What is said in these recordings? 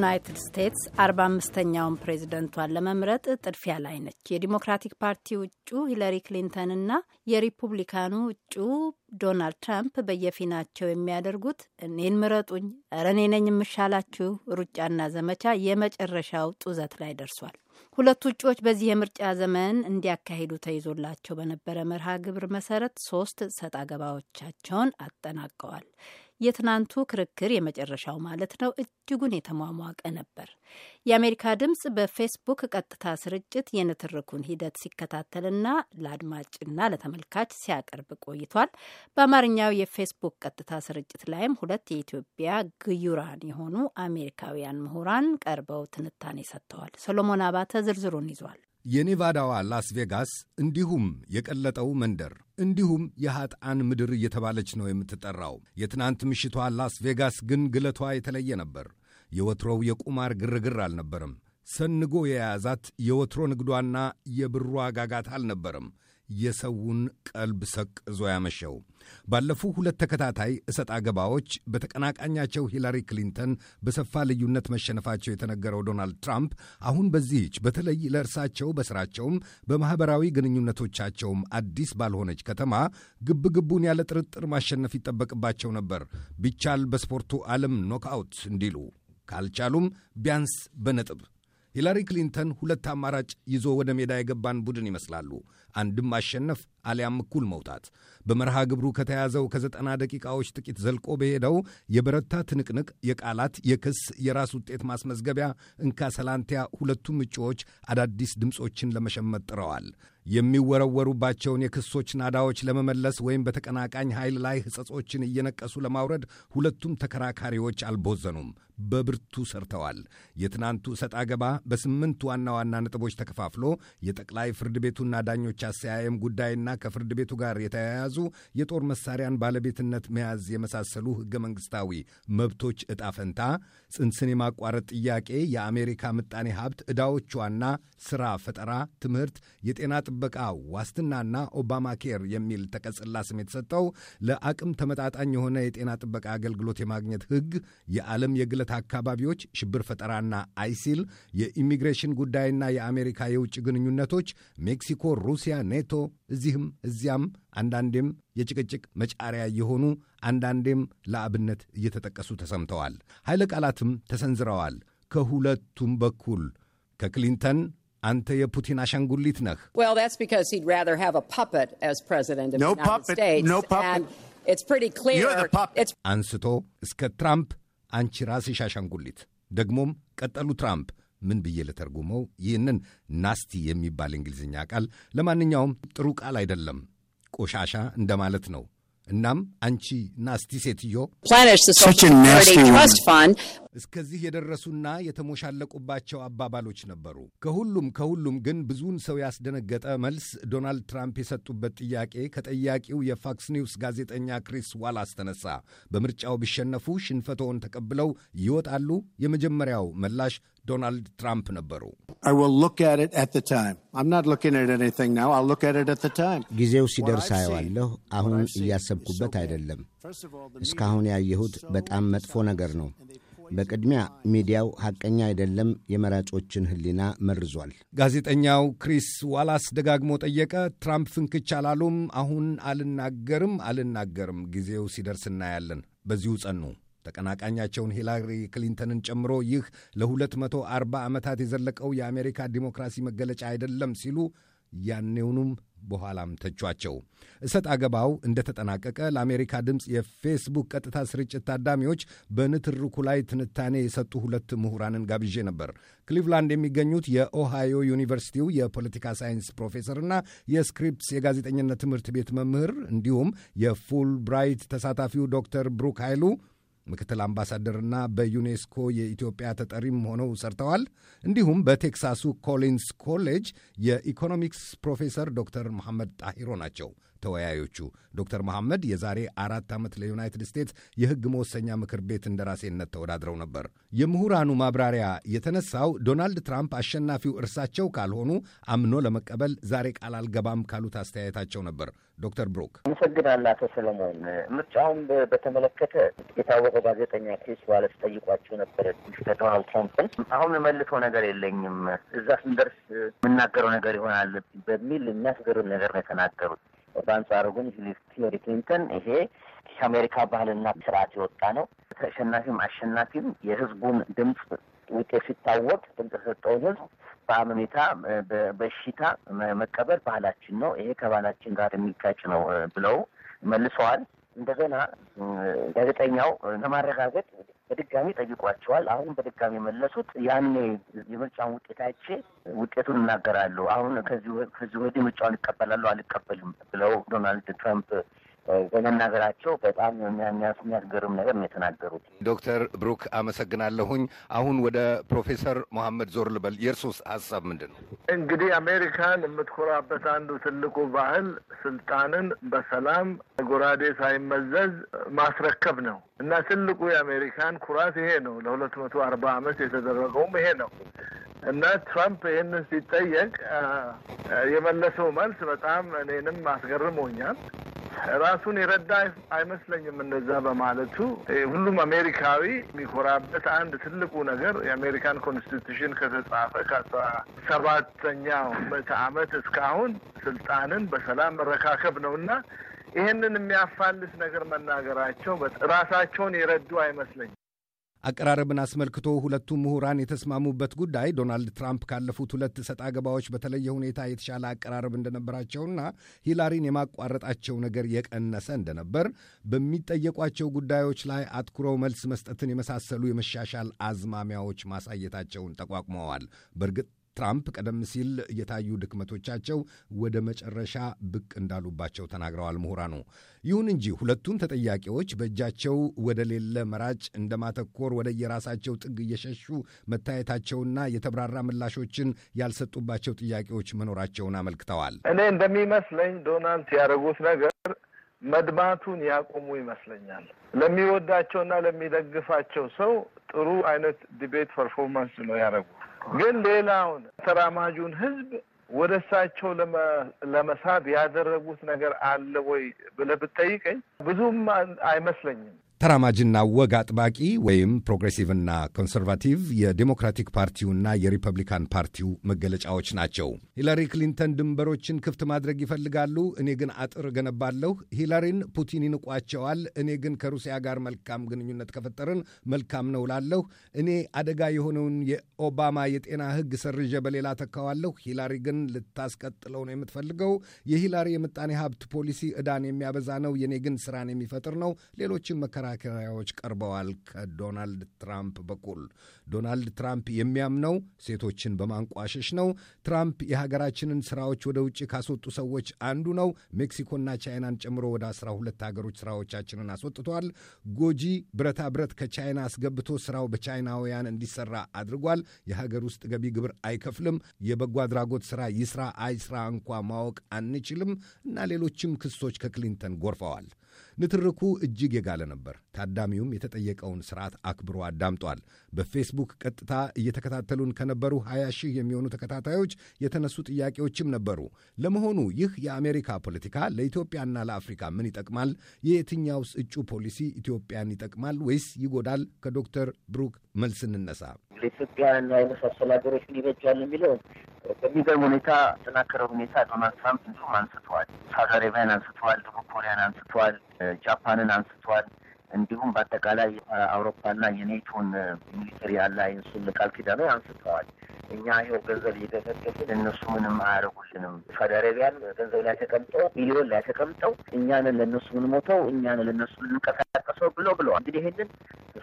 ዩናይትድ ስቴትስ 45 አምስተኛውን ፕሬዚደንቷን ለመምረጥ ጥድፊያ ላይ ነች። የዲሞክራቲክ ፓርቲ እጩ ሂለሪ ክሊንተንና የሪፑብሊካኑ እጩ ዶናልድ ትራምፕ በየፊናቸው የሚያደርጉት እኔን ምረጡኝ፣ እረ እኔ ነኝ የምሻላችሁ ሩጫና ዘመቻ የመጨረሻው ጡዘት ላይ ደርሷል። ሁለቱ እጩዎች በዚህ የምርጫ ዘመን እንዲያካሂዱ ተይዞላቸው በነበረ መርሃ ግብር መሰረት ሶስት ሰጣ ገባዎቻቸውን አጠናቀዋል። የትናንቱ ክርክር የመጨረሻው ማለት ነው እጅጉን የተሟሟቀ ነበር። የአሜሪካ ድምፅ በፌስቡክ ቀጥታ ስርጭት የንትርኩን ሂደት ሲከታተልና ለአድማጭና ለተመልካች ሲያቀርብ ቆይቷል። በአማርኛው የፌስቡክ ቀጥታ ስርጭት ላይም ሁለት የኢትዮጵያ ግዩራን የሆኑ አሜሪካውያን ምሁራን ቀርበው ትንታኔ ሰጥተዋል። ሰሎሞን አባተ ዝርዝሩን ይዟል። የኔቫዳዋ ላስ ቬጋስ እንዲሁም የቀለጠው መንደር እንዲሁም የኃጥአን ምድር እየተባለች ነው የምትጠራው። የትናንት ምሽቷ ላስ ቬጋስ ግን ግለቷ የተለየ ነበር። የወትሮው የቁማር ግርግር አልነበርም። ሰንጎ የያዛት የወትሮ ንግዷና የብሯ ጋጋታ አልነበርም። የሰውን ቀልብ ሰቅዞ ያመሸው። ባለፉ ሁለት ተከታታይ እሰጥ አገባዎች በተቀናቃኛቸው ሂላሪ ክሊንተን በሰፋ ልዩነት መሸነፋቸው የተነገረው ዶናልድ ትራምፕ አሁን በዚህች በተለይ ለእርሳቸው በስራቸውም በማኅበራዊ ግንኙነቶቻቸውም አዲስ ባልሆነች ከተማ ግብግቡን ያለ ጥርጥር ማሸነፍ ይጠበቅባቸው ነበር። ቢቻል በስፖርቱ ዓለም ኖክአውት እንዲሉ ካልቻሉም ቢያንስ በነጥብ ሂላሪ ክሊንተን ሁለት አማራጭ ይዞ ወደ ሜዳ የገባን ቡድን ይመስላሉ። አንድም ማሸነፍ፣ አሊያም እኩል መውጣት በመርሃ ግብሩ ከተያዘው ከዘጠና ደቂቃዎች ጥቂት ዘልቆ በሄደው የበረታ ትንቅንቅ የቃላት የክስ የራስ ውጤት ማስመዝገቢያ እንካ ሰላንቲያ ሁለቱም እጩዎች አዳዲስ ድምፆችን ለመሸመት ጥረዋል። የሚወረወሩባቸውን የክሶች ናዳዎች ለመመለስ ወይም በተቀናቃኝ ኃይል ላይ ሕጸጾችን እየነቀሱ ለማውረድ ሁለቱም ተከራካሪዎች አልቦዘኑም፣ በብርቱ ሰርተዋል። የትናንቱ ሰጣ ገባ በስምንት ዋና ዋና ነጥቦች ተከፋፍሎ የጠቅላይ ፍርድ ቤቱና ዳኞች አሰያየም ጉዳይና ከፍርድ ቤቱ ጋር የተያያዙ የጦር መሳሪያን ባለቤትነት መያዝ የመሳሰሉ ሕገ መንግሥታዊ መብቶች እጣ ፈንታ፣ ጽንስን የማቋረጥ ጥያቄ፣ የአሜሪካ ምጣኔ ሀብት ዕዳዎቿና ሥራ ፈጠራ፣ ትምህርት፣ የጤና ጥበቃ ዋስትናና ኦባማ ኬር የሚል ተቀጽላ ስም የተሰጠው ለአቅም ተመጣጣኝ የሆነ የጤና ጥበቃ አገልግሎት የማግኘት ሕግ፣ የዓለም የግለት አካባቢዎች፣ ሽብር ፈጠራና አይሲል፣ የኢሚግሬሽን ጉዳይና የአሜሪካ የውጭ ግንኙነቶች፣ ሜክሲኮ፣ ሩሲያ፣ ኔቶ፣ እዚህም እዚያም አንዳንዴም የጭቅጭቅ መጫሪያ የሆኑ አንዳንዴም ለአብነት እየተጠቀሱ ተሰምተዋል። ኃይለ ቃላትም ተሰንዝረዋል። ከሁለቱም በኩል ከክሊንተን አንተ የፑቲን አሻንጉሊት ነህ አንስቶ እስከ ትራምፕ አንቺ ራስሽ አሻንጉሊት ደግሞም ቀጠሉ ትራምፕ ምን ብዬ ልተርጉመው? ይህንን ናስቲ የሚባል እንግሊዝኛ ቃል። ለማንኛውም ጥሩ ቃል አይደለም፣ ቆሻሻ እንደማለት ነው። እናም አንቺ ናስቲ ሴትዮ እስከዚህ የደረሱና የተሞሻለቁባቸው አባባሎች ነበሩ። ከሁሉም ከሁሉም ግን ብዙውን ሰው ያስደነገጠ መልስ ዶናልድ ትራምፕ የሰጡበት ጥያቄ ከጠያቂው የፋክስ ኒውስ ጋዜጠኛ ክሪስ ዋላስ ተነሳ። በምርጫው ቢሸነፉ ሽንፈቶውን ተቀብለው ይወጣሉ? የመጀመሪያው ምላሽ ዶናልድ ትራምፕ ነበሩ። ጊዜው ሲደርስ አየዋለሁ። አሁን እያሰብኩበት አይደለም። እስካሁን ያየሁት በጣም መጥፎ ነገር ነው። በቅድሚያ ሚዲያው ሐቀኛ አይደለም፣ የመራጮችን ሕሊና መርዟል። ጋዜጠኛው ክሪስ ዋላስ ደጋግሞ ጠየቀ። ትራምፕ ፍንክች አላሉም። አሁን አልናገርም አልናገርም፣ ጊዜው ሲደርስ እናያለን። በዚሁ ጸኑ። ተቀናቃኛቸውን ሂላሪ ክሊንተንን ጨምሮ ይህ ለ240 ዓመታት የዘለቀው የአሜሪካ ዲሞክራሲ መገለጫ አይደለም ሲሉ ያኔውኑም በኋላም ተቿቸው። እሰጥ አገባው እንደተጠናቀቀ ለአሜሪካ ድምፅ የፌስቡክ ቀጥታ ስርጭት ታዳሚዎች በንትርኩ ላይ ትንታኔ የሰጡ ሁለት ምሁራንን ጋብዤ ነበር። ክሊቭላንድ የሚገኙት የኦሃዮ ዩኒቨርሲቲው የፖለቲካ ሳይንስ ፕሮፌሰርና የስክሪፕስ የጋዜጠኝነት ትምህርት ቤት መምህር እንዲሁም የፉል ብራይት ተሳታፊው ዶክተር ብሩክ ኃይሉ ምክትል አምባሳደርና በዩኔስኮ የኢትዮጵያ ተጠሪም ሆነው ሰርተዋል። እንዲሁም በቴክሳሱ ኮሊንስ ኮሌጅ የኢኮኖሚክስ ፕሮፌሰር ዶክተር መሐመድ ጣሂሮ ናቸው። ተወያዮቹ ዶክተር መሐመድ የዛሬ አራት ዓመት ለዩናይትድ ስቴትስ የሕግ መወሰኛ ምክር ቤት እንደራሴነት ተወዳድረው ነበር። የምሁራኑ ማብራሪያ የተነሳው ዶናልድ ትራምፕ አሸናፊው እርሳቸው ካልሆኑ አምኖ ለመቀበል ዛሬ ቃል አልገባም ካሉት አስተያየታቸው ነበር። ዶክተር ብሩክ አመሰግናለሁ። አቶ ሰለሞን ምርጫውን በተመለከተ የታወቀ ጋዜጠኛ ክሪስ ዋለስ ጠይቋቸው ነበረ ሚስተር ዶናልድ ትራምፕን። አሁን የመልሰው ነገር የለኝም እዛ ስንደርስ የምናገረው ነገር ይሆናል በሚል የሚያስገርም ነገር ነው የተናገሩት። በአንጻሩ ግን ሂለሪ ክሊንተን ይሄ ከአሜሪካ ባህልና ስርዓት የወጣ ነው። ተሸናፊም አሸናፊም የህዝቡን ድምፅ ውጤት ሲታወቅ ድምፅ የሰጠውን ህዝብ በአመኔታ በሽታ መቀበል ባህላችን ነው፣ ይሄ ከባህላችን ጋር የሚጋጭ ነው ብለው መልሰዋል። እንደገና ጋዜጠኛው ለማረጋገጥ በድጋሚ ጠይቋቸዋል። አሁን በድጋሚ የመለሱት ያኔ የምርጫውን ውጤት አይቼ ውጤቱን እናገራለሁ። አሁን ከዚህ ወዲህ ምርጫውን ይቀበላሉ አልቀበልም ብለው ዶናልድ ትራምፕ በመናገራቸው በጣም የሚያስገርም ነገር ነው የተናገሩት። ዶክተር ብሩክ አመሰግናለሁኝ። አሁን ወደ ፕሮፌሰር መሐመድ ዞር ልበል። የእርሶስ ሀሳብ ምንድን ነው? እንግዲህ አሜሪካን የምትኮራበት አንዱ ትልቁ ባህል ስልጣንን በሰላም ጎራዴ ሳይመዘዝ ማስረከብ ነው እና ትልቁ የአሜሪካን ኩራት ይሄ ነው። ለሁለት መቶ አርባ አመት የተደረገውም ይሄ ነው እና ትራምፕ ይህንን ሲጠየቅ የመለሰው መልስ በጣም እኔንም አስገርሞኛል። ራሱን የረዳ አይመስለኝም እንደዛ በማለቱ ሁሉም አሜሪካዊ የሚኮራበት አንድ ትልቁ ነገር የአሜሪካን ኮንስቲቱሽን ከተጻፈ ከአስራ ሰባተኛው ምዕተ ዓመት እስካሁን ስልጣንን በሰላም መረካከብ ነው እና ይህንን የሚያፋልስ ነገር መናገራቸው ራሳቸውን የረዱ አይመስለኝም። አቀራረብን አስመልክቶ ሁለቱ ምሁራን የተስማሙበት ጉዳይ ዶናልድ ትራምፕ ካለፉት ሁለት እሰጥ አገባዎች በተለየ ሁኔታ የተሻለ አቀራረብ እንደነበራቸውና ሂላሪን የማቋረጣቸው ነገር የቀነሰ እንደነበር፣ በሚጠየቋቸው ጉዳዮች ላይ አትኩረው መልስ መስጠትን የመሳሰሉ የመሻሻል አዝማሚያዎች ማሳየታቸውን ጠቋቁመዋል። በእርግጥ ትራምፕ ቀደም ሲል የታዩ ድክመቶቻቸው ወደ መጨረሻ ብቅ እንዳሉባቸው ተናግረዋል ምሁራኑ። ይሁን እንጂ ሁለቱም ተጠያቂዎች በእጃቸው ወደ ሌለ መራጭ እንደማተኮር ወደ የራሳቸው ጥግ እየሸሹ መታየታቸውና የተብራራ ምላሾችን ያልሰጡባቸው ጥያቄዎች መኖራቸውን አመልክተዋል። እኔ እንደሚመስለኝ ዶናልድ ያደረጉት ነገር መድማቱን ያቆሙ ይመስለኛል። ለሚወዳቸውና ለሚደግፋቸው ሰው ጥሩ አይነት ዲቤት ፐርፎርማንስ ነው ያደረጉት። ግን ሌላውን ተራማጁን ህዝብ ወደ እሳቸው ለመሳብ ያደረጉት ነገር አለ ወይ ብለህ ብትጠይቀኝ ብዙም አይመስለኝም። ተራማጅና ወግ አጥባቂ ወይም ፕሮግሬሲቭና ኮንሰርቫቲቭ የዴሞክራቲክ ፓርቲውና የሪፐብሊካን ፓርቲው መገለጫዎች ናቸው። ሂላሪ ክሊንተን ድንበሮችን ክፍት ማድረግ ይፈልጋሉ፣ እኔ ግን አጥር ገነባለሁ። ሂላሪን ፑቲን ይንቋቸዋል፣ እኔ ግን ከሩሲያ ጋር መልካም ግንኙነት ከፈጠርን መልካም ነው ላለሁ። እኔ አደጋ የሆነውን የኦባማ የጤና ሕግ ሰርዤ በሌላ ተካዋለሁ። ሂላሪ ግን ልታስቀጥለው ነው የምትፈልገው። የሂላሪ የምጣኔ ሀብት ፖሊሲ ዕዳን የሚያበዛ ነው፣ የእኔ ግን ስራን የሚፈጥር ነው። ሌሎችም መከራ መከራከሪያዎች ቀርበዋል ከዶናልድ ትራምፕ በኩል። ዶናልድ ትራምፕ የሚያምነው ሴቶችን በማንቋሸሽ ነው። ትራምፕ የሀገራችንን ስራዎች ወደ ውጭ ካስወጡ ሰዎች አንዱ ነው። ሜክሲኮና ቻይናን ጨምሮ ወደ አስራ ሁለት ሀገሮች ስራዎቻችንን አስወጥተዋል። ጎጂ ብረታ ብረት ከቻይና አስገብቶ ስራው በቻይናውያን እንዲሰራ አድርጓል። የሀገር ውስጥ ገቢ ግብር አይከፍልም። የበጎ አድራጎት ስራ ይስራ አይስራ እንኳ ማወቅ አንችልም እና ሌሎችም ክሶች ከክሊንተን ጎርፈዋል። ንትርኩ እጅግ የጋለ ነበር። ታዳሚውም የተጠየቀውን ስርዓት አክብሮ አዳምጧል። በፌስቡክ ቀጥታ እየተከታተሉን ከነበሩ 20 ሺህ የሚሆኑ ተከታታዮች የተነሱ ጥያቄዎችም ነበሩ። ለመሆኑ ይህ የአሜሪካ ፖለቲካ ለኢትዮጵያና ለአፍሪካ ምን ይጠቅማል? የየትኛውስ እጩ ፖሊሲ ኢትዮጵያን ይጠቅማል ወይስ ይጎዳል? ከዶክተር ብሩክ መልስ እንነሳ። ለኢትዮጵያና የመሳሰሉ ሀገሮች ምን ይበጃል የሚለው በሚገርም ሁኔታ ተጠናከረ ሁኔታ ዶናልድ ትራምፕ እንዲሁም አንስተዋል። ሳውዲ አረቢያን አንስተዋል፣ ደቡብ ኮሪያን አንስተዋል፣ ጃፓንን አንስተዋል። እንዲሁም በአጠቃላይ አውሮፓና የኔቶን ሚሊተሪ አላይንሱን ቃል ኪዳኑ አንስተዋል። እኛ ይኸው ገንዘብ እየገፈገፍን እነሱ ምንም አያደርጉልንም። ሳውዲ አረቢያን ገንዘብ ላይ ተቀምጠው ሚሊዮን ላይ ተቀምጠው እኛንን ለእነሱ ምንሞተው እኛንን ለእነሱ ልንቀሳቀሰው ብሎ ብለዋል። እንግዲህ ይህንን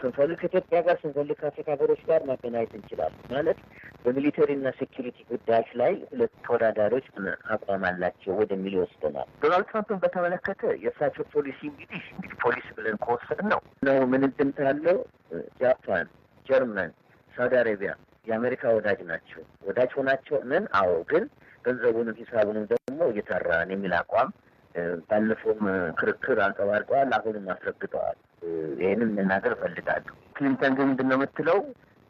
ስንፈልግ ከኢትዮጵያ ጋር ስንፈልግ ከአፍሪካ ሀገሮች ጋር ማገናኘት እንችላለን። ማለት በሚሊተሪና ሴኪሪቲ ጉዳዮች ላይ ሁለት ተወዳዳሪዎች አቋም አላቸው ወደሚል ይወስደናል። ዶናልድ ትራምፕን በተመለከተ የእሳቸው ፖሊሲ እንግዲህ እንግዲህ ፖሊሲ ብለን ከወሰድን ነው ነው ምን እንድምታ ያለው ጃፓን፣ ጀርመን፣ ሳውዲ አረቢያ የአሜሪካ ወዳጅ ናቸው። ወዳጅ ሆናቸው ምን? አዎ ግን ገንዘቡንም ሂሳቡንም ደግሞ እየተራን የሚል አቋም ባለፈውም ክርክር አንጸባርቀዋል። አሁንም አስረግጠዋል። ይህንን ልናገር እፈልጋለሁ። ክሊንተን ግን ምንድን ነው የምትለው?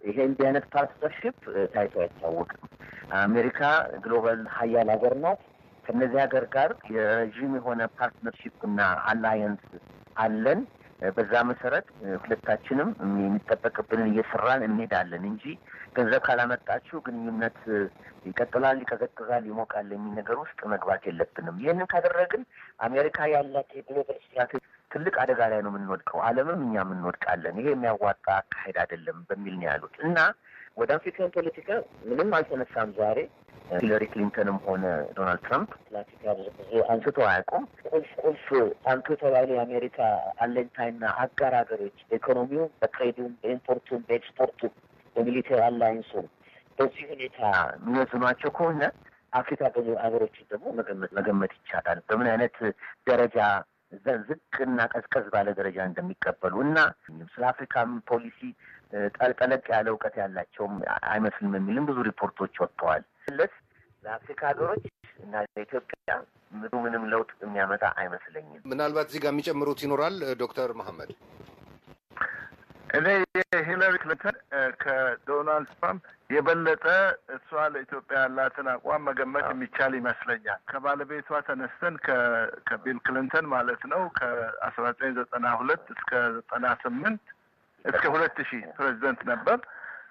ይሄ እንዲህ አይነት ፓርትነርሽፕ ታይቶ አይታወቅም። አሜሪካ ግሎባል ሀያል ሀገር ናት። ከነዚህ ሀገር ጋር የረዥም የሆነ ፓርትነርሽፕ እና አላየንስ አለን። በዛ መሰረት ሁለታችንም የሚጠበቅብንን እየሰራን እንሄዳለን እንጂ ገንዘብ ካላመጣችሁ ግንኙነት ይቀጥላል፣ ይቀዘቅዛል፣ ይሞቃል የሚል ነገር ውስጥ መግባት የለብንም። ይህንን ካደረግን አሜሪካ ያላት የግሎባል ስትራቴጂ ትልቅ አደጋ ላይ ነው የምንወድቀው፣ ዓለምም እኛ የምንወድቃለን። ይሄ የሚያዋጣ አካሄድ አይደለም በሚል ነው ያሉት እና ወደ አፍሪካን ፖለቲካ ምንም አልተነሳም ዛሬ ሂለሪ ክሊንተንም ሆነ ዶናልድ ትራምፕ ፖለቲካ ብዙ አንስቶ አያውቁም። ቁልፍ ቁልፍ አንቱ የተባሉ የአሜሪካ አለኝታይና አጋር ሀገሮች በኢኮኖሚው፣ በትሬዱም፣ በኢምፖርቱም፣ በኤክስፖርቱ፣ በሚሊተሪ አላይንሱም በዚህ ሁኔታ የሚወዝኗቸው ከሆነ አፍሪካ ብዙ ሀገሮችን ደግሞ መገመት መገመት ይቻላል በምን አይነት ደረጃ እዛ ዝቅ እና ቀዝቀዝ ባለ ደረጃ እንደሚቀበሉ እና ስለ አፍሪካም ፖሊሲ ጠለቅ ያለ እውቀት ያላቸውም አይመስልም የሚልም ብዙ ሪፖርቶች ወጥተዋል። ለስ ለአፍሪካ ሀገሮች እና ለኢትዮጵያ ምንም ለውጥ የሚያመጣ አይመስለኝም። ምናልባት እዚህ ጋር የሚጨምሩት ይኖራል ዶክተር መሐመድ እኔ የሂለሪ ክሊንተን ከዶናልድ ትራምፕ የበለጠ እሷ ለኢትዮጵያ ያላትን አቋም መገመት የሚቻል ይመስለኛል። ከባለቤቷ ተነስተን ከቢል ክሊንተን ማለት ነው ከአስራ ዘጠኝ ዘጠና ሁለት እስከ ዘጠና ስምንት እስከ ሁለት ሺህ ፕሬዚደንት ነበር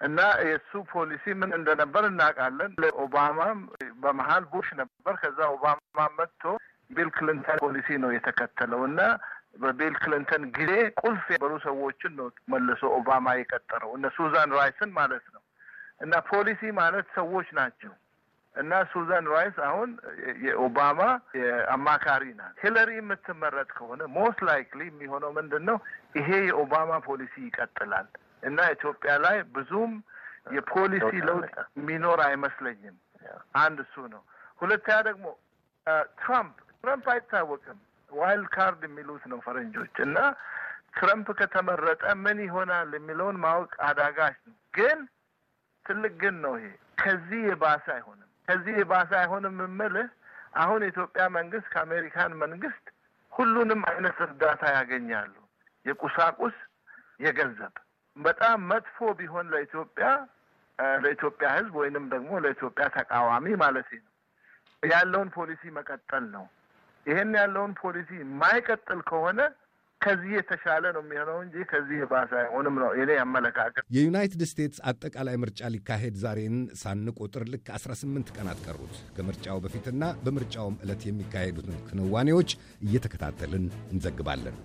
እና የእሱ ፖሊሲ ምን እንደነበር እናውቃለን። ለኦባማም በመሀል ቡሽ ነበር። ከዛ ኦባማ መጥቶ ቢል ክሊንተን ፖሊሲ ነው የተከተለው እና በቢል ክሊንተን ጊዜ ቁልፍ የነበሩ ሰዎችን ነው መልሶ ኦባማ የቀጠረው እነ ሱዛን ራይስን ማለት ነው። እና ፖሊሲ ማለት ሰዎች ናቸው። እና ሱዛን ራይስ አሁን የኦባማ አማካሪ ናት። ሂለሪ የምትመረጥ ከሆነ ሞስት ላይክሊ የሚሆነው ምንድን ነው? ይሄ የኦባማ ፖሊሲ ይቀጥላል። እና ኢትዮጵያ ላይ ብዙም የፖሊሲ ለውጥ የሚኖር አይመስለኝም። አንድ እሱ ነው። ሁለተኛ ደግሞ ትራምፕ ትራምፕ አይታወቅም ዋይልድ ካርድ የሚሉት ነው ፈረንጆች እና ትረምፕ ከተመረጠ ምን ይሆናል የሚለውን ማወቅ አዳጋች ነው። ግን ትልቅ ግን ነው ይሄ ከዚህ የባሰ አይሆንም። ከዚህ የባሰ አይሆንም የምልህ አሁን የኢትዮጵያ መንግስት ከአሜሪካን መንግስት ሁሉንም አይነት እርዳታ ያገኛሉ። የቁሳቁስ፣ የገንዘብ በጣም መጥፎ ቢሆን ለኢትዮጵያ ለኢትዮጵያ ህዝብ ወይንም ደግሞ ለኢትዮጵያ ተቃዋሚ ማለት ነው ያለውን ፖሊሲ መቀጠል ነው። ይሄን ያለውን ፖሊሲ የማይቀጥል ከሆነ ከዚህ የተሻለ ነው የሚሆነው እንጂ ከዚህ የባሰ አይሆንም ነው የእኔ አመለካከት። የዩናይትድ ስቴትስ አጠቃላይ ምርጫ ሊካሄድ ዛሬን ሳንቆጥር ልክ 18 ቀናት ቀሩት። ከምርጫው በፊትና በምርጫውም ዕለት የሚካሄዱትን ክንዋኔዎች እየተከታተልን እንዘግባለን።